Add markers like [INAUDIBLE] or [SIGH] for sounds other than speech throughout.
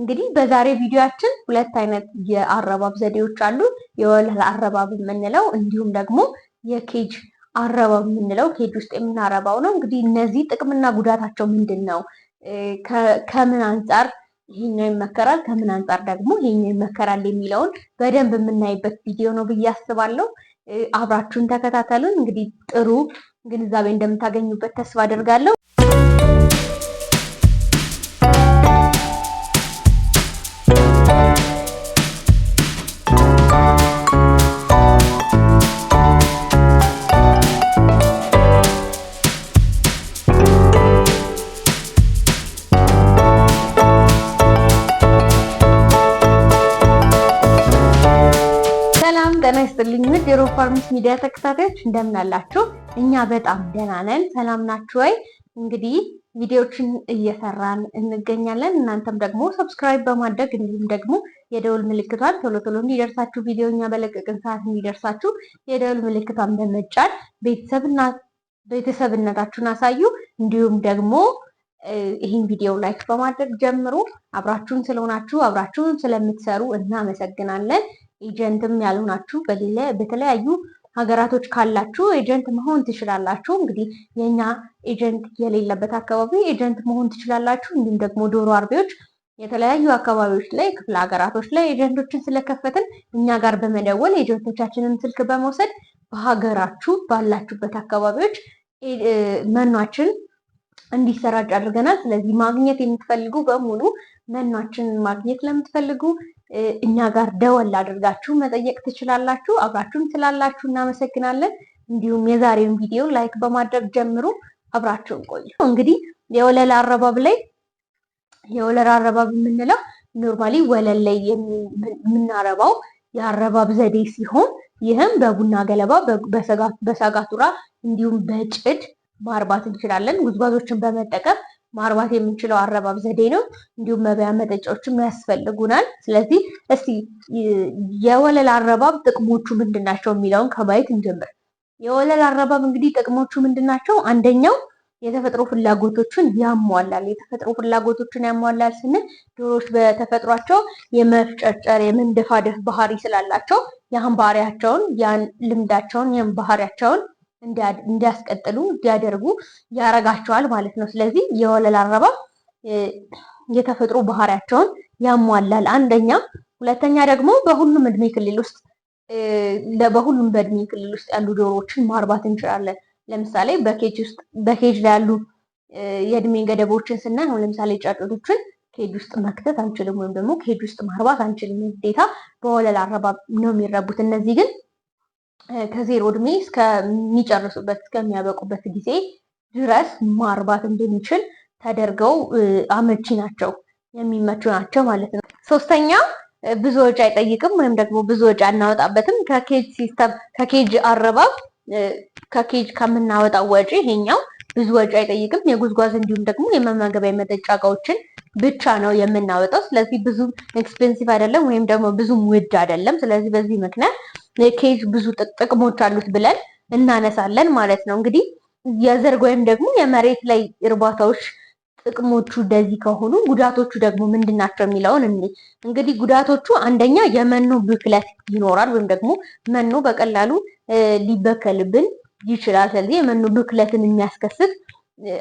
እንግዲህ በዛሬ ቪዲዮያችን ሁለት አይነት የአረባብ ዘዴዎች አሉ። የወለል አረባብ የምንለው እንዲሁም ደግሞ የኬጅ አረባብ የምንለው ኬጅ ውስጥ የምናረባው ነው። እንግዲህ እነዚህ ጥቅምና ጉዳታቸው ምንድን ነው? ከምን አንጻር ይሄኛው ይመከራል፣ ከምን አንጻር ደግሞ ይሄኛው ይመከራል የሚለውን በደንብ የምናይበት ቪዲዮ ነው ብዬ አስባለሁ። አብራችሁን ተከታተሉን። እንግዲህ ጥሩ ግንዛቤ እንደምታገኙበት ተስፋ አደርጋለሁ። ይስጥልኝ ውድ የሮብ ፋርምስ ሚዲያ ተከታታዮች እንደምን አላችሁ? እኛ በጣም ደህና ነን። ሰላም ናችሁ ወይ? እንግዲህ ቪዲዮዎችን እየሰራን እንገኛለን። እናንተም ደግሞ ሰብስክራይብ በማድረግ እንዲሁም ደግሞ የደውል ምልክቷን ቶሎ ቶሎ እንዲደርሳችሁ ቪዲዮ እኛ በለቀቅን ሰዓት እንዲደርሳችሁ የደውል ምልክቷን በመጫን ቤተሰብነታችሁን አሳዩ። እንዲሁም ደግሞ ይህን ቪዲዮ ላይክ በማድረግ ጀምሮ አብራችሁን ስለሆናችሁ አብራችሁን ስለምትሰሩ እናመሰግናለን። ኤጀንትም ያልሆናችሁ በተለያዩ ሀገራቶች ካላችሁ ኤጀንት መሆን ትችላላችሁ። እንግዲህ የእኛ ኤጀንት የሌለበት አካባቢ ኤጀንት መሆን ትችላላችሁ። እንዲሁም ደግሞ ዶሮ አርቢዎች የተለያዩ አካባቢዎች ላይ ክፍለ ሀገራቶች ላይ ኤጀንቶችን ስለከፈትን እኛ ጋር በመደወል ኤጀንቶቻችንን ስልክ በመውሰድ በሀገራችሁ ባላችሁበት አካባቢዎች መኗችን እንዲሰራጭ አድርገናል። ስለዚህ ማግኘት የምትፈልጉ በሙሉ መኗችንን ማግኘት ለምትፈልጉ እኛ ጋር ደወል አድርጋችሁ መጠየቅ ትችላላችሁ። አብራችሁን ስላላችሁ እናመሰግናለን። እንዲሁም የዛሬውን ቪዲዮ ላይክ በማድረግ ጀምሩ። አብራችሁን ቆዩ። እንግዲህ የወለል አረባብ ላይ የወለል አረባብ የምንለው ኖርማሊ ወለል ላይ የምናረባው የአረባብ ዘዴ ሲሆን ይህም በቡና ገለባ፣ በሰጋቱራ እንዲሁም በጭድ ማርባት እንችላለን። ጉዝጓዞችን በመጠቀም ማርባት የምንችለው አረባብ ዘዴ ነው። እንዲሁም መብያ መጠጫዎችም ያስፈልጉናል። ስለዚህ እስቲ የወለል አረባብ ጥቅሞቹ ምንድናቸው የሚለውን ከማየት እንጀምር። የወለል አረባብ እንግዲህ ጥቅሞቹ ምንድናቸው አንደኛው የተፈጥሮ ፍላጎቶችን ያሟላል። የተፈጥሮ ፍላጎቶችን ያሟላል ስንል ዶሮዎች በተፈጥሯቸው የመፍጨርጨር የመንደፋደፍ ባህሪ ስላላቸው ያን ባህሪያቸውን ያን ልምዳቸውን ያን ባህሪያቸውን እንዲያስቀጥሉ እንዲያደርጉ ያረጋቸዋል ማለት ነው። ስለዚህ የወለል አረባ የተፈጥሮ ባህሪያቸውን ያሟላል አንደኛ። ሁለተኛ ደግሞ በሁሉም እድሜ ክልል ውስጥ በሁሉም በእድሜ ክልል ውስጥ ያሉ ዶሮዎችን ማርባት እንችላለን። ለምሳሌ በኬጅ ውስጥ በኬጅ ላይ ያሉ የእድሜ ገደቦችን ስናይ አሁን ለምሳሌ ጫጩቶችን ኬጅ ውስጥ መክተት አንችልም፣ ወይም ደግሞ ኬጅ ውስጥ ማርባት አንችልም። ግዴታ በወለል አረባብ ነው የሚረቡት። እነዚህ ግን ከዜሮ እድሜ እስከሚጨርሱበት እስከሚያበቁበት ጊዜ ድረስ ማርባት እንድንችል ተደርገው አመቺ ናቸው፣ የሚመቹ ናቸው ማለት ነው። ሶስተኛ ብዙ ወጪ አይጠይቅም ወይም ደግሞ ብዙ ወጪ አናወጣበትም። ከኬጅ ሲስተም ከኬጅ አረባብ ከኬጅ ከምናወጣው ወጪ ይሄኛው ብዙ ወጪ አይጠይቅም። የጉዝጓዝ እንዲሁም ደግሞ የመመገቢያ መጠጫ እቃዎችን ብቻ ነው የምናወጣው። ስለዚህ ብዙም ኤክስፔንሲቭ አይደለም ወይም ደግሞ ብዙም ውድ አይደለም። ስለዚህ በዚህ ምክንያት ኬክ ብዙ ጥቅሞች አሉት ብለን እናነሳለን ማለት ነው። እንግዲህ የዘርግ ወይም ደግሞ የመሬት ላይ እርባታዎች ጥቅሞቹ እንደዚህ ከሆኑ ጉዳቶቹ ደግሞ ምንድን ናቸው የሚለውን እንግዲህ ጉዳቶቹ አንደኛ የመኖ ብክለት ይኖራል፣ ወይም ደግሞ መኖ በቀላሉ ሊበከልብን ይችላል። ስለዚህ የመኖ ብክለትን የሚያስከስት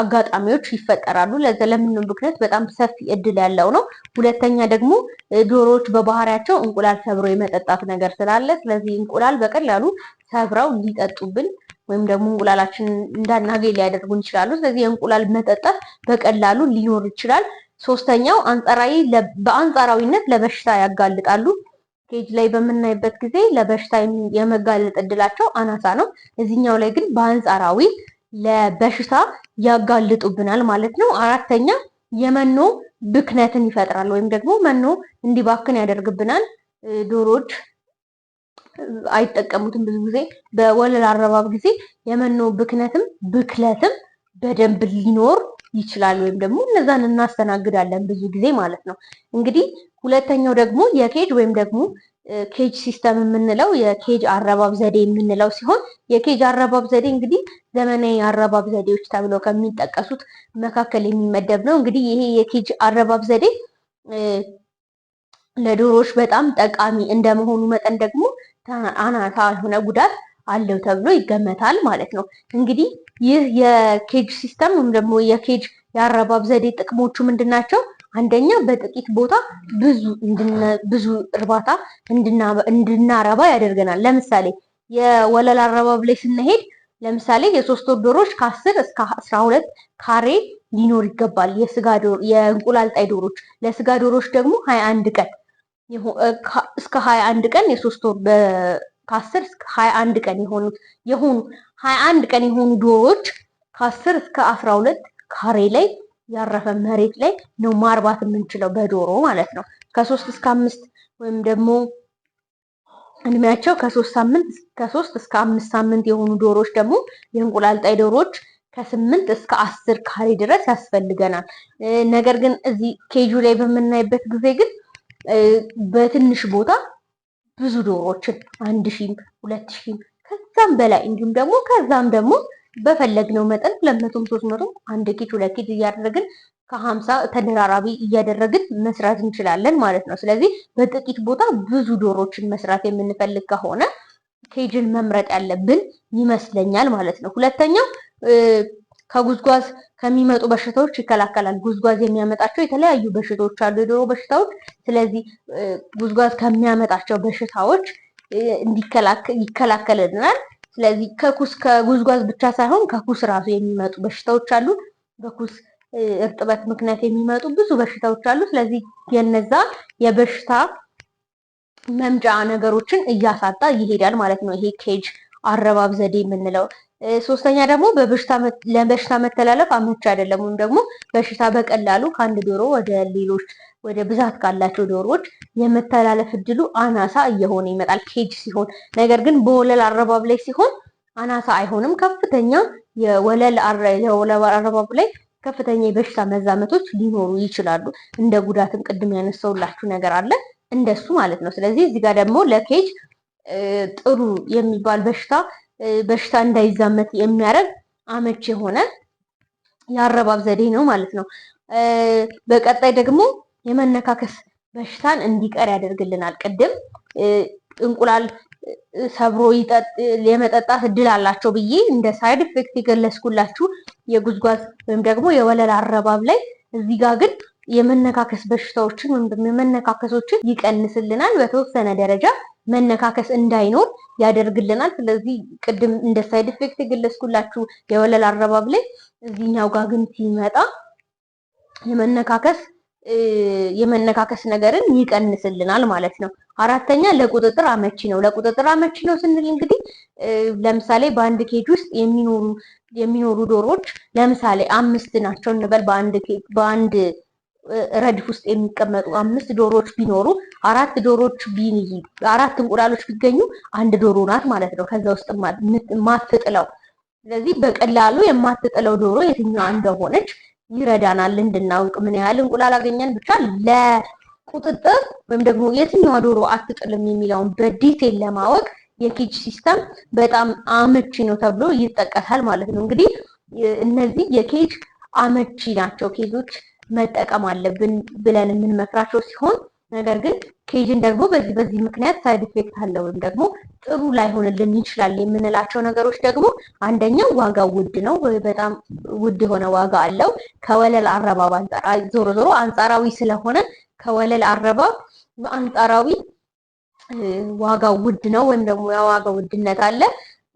አጋጣሚዎች ይፈጠራሉ። ለምንም ምክንያት በጣም ሰፊ እድል ያለው ነው። ሁለተኛ ደግሞ ዶሮዎች በባህሪያቸው እንቁላል ሰብረው የመጠጣት ነገር ስላለ ስለዚህ እንቁላል በቀላሉ ሰብረው ሊጠጡብን ወይም ደግሞ እንቁላላችን እንዳናገኝ ሊያደርጉ ይችላሉ። ስለዚህ የእንቁላል መጠጣት በቀላሉ ሊኖር ይችላል። ሶስተኛው አንጻራዊ በአንጻራዊነት ለበሽታ ያጋልጣሉ። ኬጅ ላይ በምናይበት ጊዜ ለበሽታ የመጋለጥ እድላቸው አናሳ ነው። እዚህኛው ላይ ግን በአንጻራዊ ለበሽታ ያጋልጡብናል ማለት ነው። አራተኛ የመኖ ብክነትን ይፈጥራል ወይም ደግሞ መኖ እንዲባክን ያደርግብናል። ዶሮዎች አይጠቀሙትም ብዙ ጊዜ በወለል አረባብ ጊዜ የመኖ ብክነትም ብክለትም በደንብ ሊኖር ይችላል ወይም ደግሞ እነዛን እናስተናግዳለን ብዙ ጊዜ ማለት ነው። እንግዲህ ሁለተኛው ደግሞ የኬጅ ወይም ደግሞ ኬጅ ሲስተም የምንለው የኬጅ አረባብ ዘዴ የምንለው ሲሆን የኬጅ አረባብ ዘዴ እንግዲህ ዘመናዊ አረባብ ዘዴዎች ተብለው ከሚጠቀሱት መካከል የሚመደብ ነው። እንግዲህ ይሄ የኬጅ አረባብ ዘዴ ለዶሮዎች በጣም ጠቃሚ እንደመሆኑ መጠን ደግሞ አናሳ የሆነ ጉዳት አለው ተብሎ ይገመታል ማለት ነው። እንግዲህ ይህ የኬጅ ሲስተም ወይም ደግሞ የኬጅ የአረባብ ዘዴ ጥቅሞቹ ምንድን ናቸው? አንደኛ በጥቂት ቦታ ብዙ እርባታ እንድናረባ ያደርገናል። ለምሳሌ የወለላ አረባብ ላይ ስንሄድ ለምሳሌ የሶስት ወር ዶሮች ከአስር እስከ አስራ ሁለት ካሬ ሊኖር ይገባል። የስጋ የእንቁላል ጣይ ዶሮች ለስጋ ዶሮች ደግሞ ሀያ አንድ ቀን እስከ ሀያ አንድ ቀን የሶስት ወር ከአስር እስከ ሀያ አንድ ቀን የሆኑ የሆኑ ሀያ አንድ ቀን የሆኑ ዶሮች ከአስር እስከ አስራ ሁለት ካሬ ላይ ያረፈ መሬት ላይ ነው ማርባት የምንችለው በዶሮ ማለት ነው። ከሶስት እስከ አምስት ወይም ደግሞ እድሜያቸው ከሶስት ሳምንት ከሶስት እስከ አምስት ሳምንት የሆኑ ዶሮዎች ደግሞ የእንቁላል ጣይ ዶሮዎች ከስምንት እስከ አስር ካሬ ድረስ ያስፈልገናል። ነገር ግን እዚህ ኬጁ ላይ በምናይበት ጊዜ ግን በትንሽ ቦታ ብዙ ዶሮዎችን አንድ ሺህም ሁለት ሺህም ከዛም በላይ እንዲሁም ደግሞ ከዛም ደግሞ በፈለግነው መጠን ሁለት መቶም ሶስት መቶ አንድ ኪት ሁለት ኬጅ እያደረግን ከሀምሳ ተደራራቢ እያደረግን መስራት እንችላለን ማለት ነው። ስለዚህ በጥቂት ቦታ ብዙ ዶሮችን መስራት የምንፈልግ ከሆነ ኬጅን መምረጥ ያለብን ይመስለኛል ማለት ነው። ሁለተኛው ከጉዝጓዝ ከሚመጡ በሽታዎች ይከላከላል። ጉዝጓዝ የሚያመጣቸው የተለያዩ በሽታዎች አሉ፣ የዶሮ በሽታዎች። ስለዚህ ጉዝጓዝ ከሚያመጣቸው በሽታዎች ይከላከልልናል። ስለዚህ ከኩስ ከጉዝጓዝ ብቻ ሳይሆን ከኩስ ራሱ የሚመጡ በሽታዎች አሉ። በኩስ እርጥበት ምክንያት የሚመጡ ብዙ በሽታዎች አሉ። ስለዚህ የነዛ የበሽታ መምጫ ነገሮችን እያሳጣ ይሄዳል ማለት ነው። ይሄ ኬጅ አረባብ ዘዴ የምንለው። ሶስተኛ ደግሞ ለበሽታ መተላለፍ አመቺ አይደለም፣ ወይም ደግሞ በሽታ በቀላሉ ከአንድ ዶሮ ወደ ሌሎች ወደ ብዛት ካላቸው ዶሮዎች የመተላለፍ እድሉ አናሳ እየሆነ ይመጣል ኬጅ ሲሆን። ነገር ግን በወለል አረባብ ላይ ሲሆን አናሳ አይሆንም። ከፍተኛ የወለል አረባብ ላይ ከፍተኛ የበሽታ መዛመቶች ሊኖሩ ይችላሉ። እንደ ጉዳትም ቅድም ያነሳውላችሁ ነገር አለ እንደሱ ማለት ነው። ስለዚህ እዚህ ጋር ደግሞ ለኬጅ ጥሩ የሚባል በሽታ በሽታ እንዳይዛመት የሚያደርግ አመች የሆነ የአረባብ ዘዴ ነው ማለት ነው። በቀጣይ ደግሞ የመነካከስ በሽታን እንዲቀር ያደርግልናል። ቅድም እንቁላል ሰብሮ የመጠጣት እድል አላቸው ብዬ እንደ ሳይድ ኢፌክት የገለጽኩላችሁ የጉዝጓዝ ወይም ደግሞ የወለል አረባብ ላይ እዚህ ጋር ግን የመነካከስ በሽታዎችን ወይም ደግሞ የመነካከሶችን ይቀንስልናል። በተወሰነ ደረጃ መነካከስ እንዳይኖር ያደርግልናል። ስለዚህ ቅድም እንደ ሳይድ ኢፌክት የገለጽኩላችሁ የወለል አረባብ ላይ እዚህኛው ጋር ግን ሲመጣ የመነካከስ የመነካከስ ነገርን ይቀንስልናል ማለት ነው። አራተኛ ለቁጥጥር አመቺ ነው። ለቁጥጥር አመቺ ነው ስንል እንግዲህ ለምሳሌ በአንድ ኬጅ ውስጥ የሚኖሩ የሚኖሩ ዶሮዎች ለምሳሌ አምስት ናቸው እንበል በአንድ በአንድ ረድፍ ውስጥ የሚቀመጡ አምስት ዶሮዎች ቢኖሩ አራት ዶሮዎች አራት እንቁላሎች ቢገኙ አንድ ዶሮ ናት ማለት ነው ከዛ ውስጥ ማትጥለው ስለዚህ በቀላሉ የማትጥለው ዶሮ የትኛዋ እንደሆነች ይረዳናል እንድናውቅ ምን ያህል እንቁላል አገኘን ብቻ ለቁጥጥር ወይም ደግሞ የትኛዋ ዶሮ አትጥልም የሚለውን በዲቴል ለማወቅ የኬጅ ሲስተም በጣም አመቺ ነው ተብሎ ይጠቀሳል ማለት ነው። እንግዲህ እነዚህ የኬጅ አመቺ ናቸው ኬጆች መጠቀም አለብን ብለን የምንመክራቸው ሲሆን ነገር ግን ኬጅን ደግሞ በዚህ በዚህ ምክንያት ሳይድ ኢፌክት አለ ወይም ደግሞ ጥሩ ላይሆንልን ይችላል የምንላቸው ነገሮች ደግሞ አንደኛው ዋጋው ውድ ነው፣ በጣም ውድ የሆነ ዋጋ አለው። ከወለል አረባብ አንጻር ዞሮ ዞሮ አንጻራዊ ስለሆነ ከወለል አረባብ አንጻራዊ ዋጋው ውድ ነው ወይም ደግሞ የዋጋ ውድነት አለ።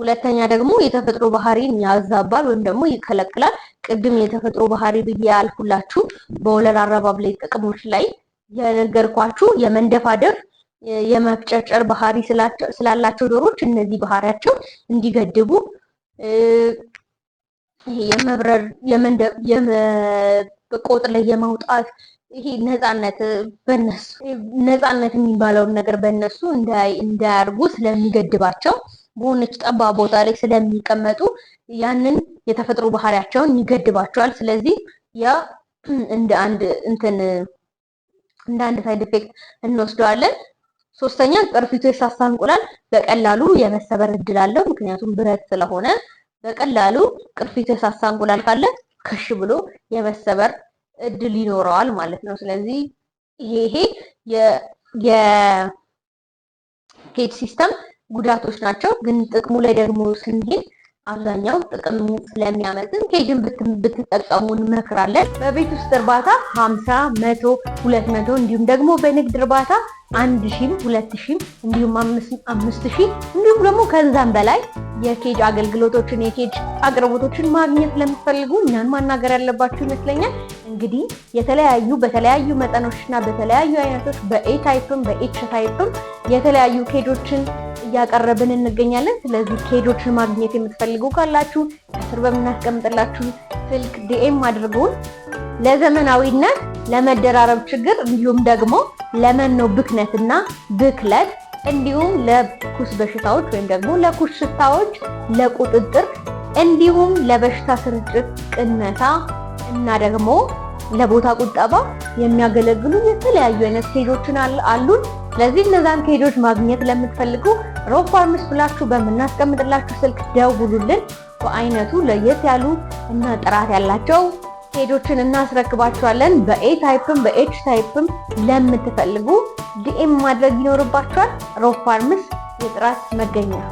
ሁለተኛ ደግሞ የተፈጥሮ ባህሪን ያዛባል ወይም ደግሞ ይከለክላል። ቅድም የተፈጥሮ ባህሪ ብዬ ያልኩላችሁ በወለል አረባብ ላይ ጥቅሞች ላይ የነገርኳችሁ የመንደፋደፍ የመፍጨጨር ባህሪ ስላላቸው ዶሮዎች እነዚህ ባህሪያቸው እንዲገድቡ ይሄ የመብረር የመቆጥ ላይ የመውጣት ይሄ ነፃነት በነሱ ነፃነት የሚባለውን ነገር በነሱ እንዳያርጉ ስለሚገድባቸው በሆነች ጠባብ ቦታ ላይ ስለሚቀመጡ ያንን የተፈጥሮ ባህሪያቸውን ይገድባቸዋል። ስለዚህ ያ [CLEARS THROAT] እንደ አንድ እንትን እንዳንድ ሳይድ ኢፌክት እንወስደዋለን። ሶስተኛ ቅርፊቱ የሳሳ እንቁላል በቀላሉ የመሰበር እድል አለው፣ ምክንያቱም ብረት ስለሆነ በቀላሉ ቅርፊቱ የሳሳ እንቁላል ካለ ከሽ ብሎ የመሰበር እድል ይኖረዋል ማለት ነው። ስለዚህ ይሄ የሄድ ሲስተም ጉዳቶች ናቸው። ግን ጥቅሙ ላይ ደግሞ ስንሄድ አብዛኛው ጥቅም ስለሚያመጥን ኬጅን ብትጠቀሙ እንመክራለን። በቤት ውስጥ እርባታ 50፣ 100፣ 200 እንዲሁም ደግሞ በንግድ እርባታ አንድ ሺም ሁለት እንዲሁም አምስት ሺህ እንዲሁም ደግሞ ከዛም በላይ የኬጅ አገልግሎቶችን የኬጅ አቅርቦቶችን ማግኘት ለምትፈልጉ እኛን ማናገር ያለባችሁ ይመስለኛል። እንግዲህ የተለያዩ በተለያዩ መጠኖችና በተለያዩ አይነቶች በኤ ታይፕም በኤች ታይፕም የተለያዩ ኬጆችን እያቀረብን እንገኛለን። ስለዚህ ኬዶችን ማግኘት የምትፈልጉ ካላችሁ ከስር በምናስቀምጥላችሁ ስልክ ዲኤም አድርጉን። ለዘመናዊነት ለመደራረብ ችግር እንዲሁም ደግሞ ለመኖ ብክነትና ብክለት እንዲሁም ለኩስ በሽታዎች ወይም ደግሞ ለኩስ ሽታዎች ለቁጥጥር እንዲሁም ለበሽታ ስርጭት ቅነሳ እና ደግሞ ለቦታ ቁጠባ የሚያገለግሉ የተለያዩ አይነት ኬጆችን አሉን። ስለዚህ እነዛን ኬጆች ማግኘት ለምትፈልጉ ሮብ ፋርምስ ብላችሁ በምናስቀምጥላችሁ ስልክ ደውሉልን። በአይነቱ ለየት ያሉ እና ጥራት ያላቸው ሄዶችን እናስረክባችኋለን። በኤ ታይፕም በኤች ታይፕም ለምትፈልጉ ዲኤም ማድረግ ይኖርባችኋል። ሮብ ፋርምስ የጥራት መገኛ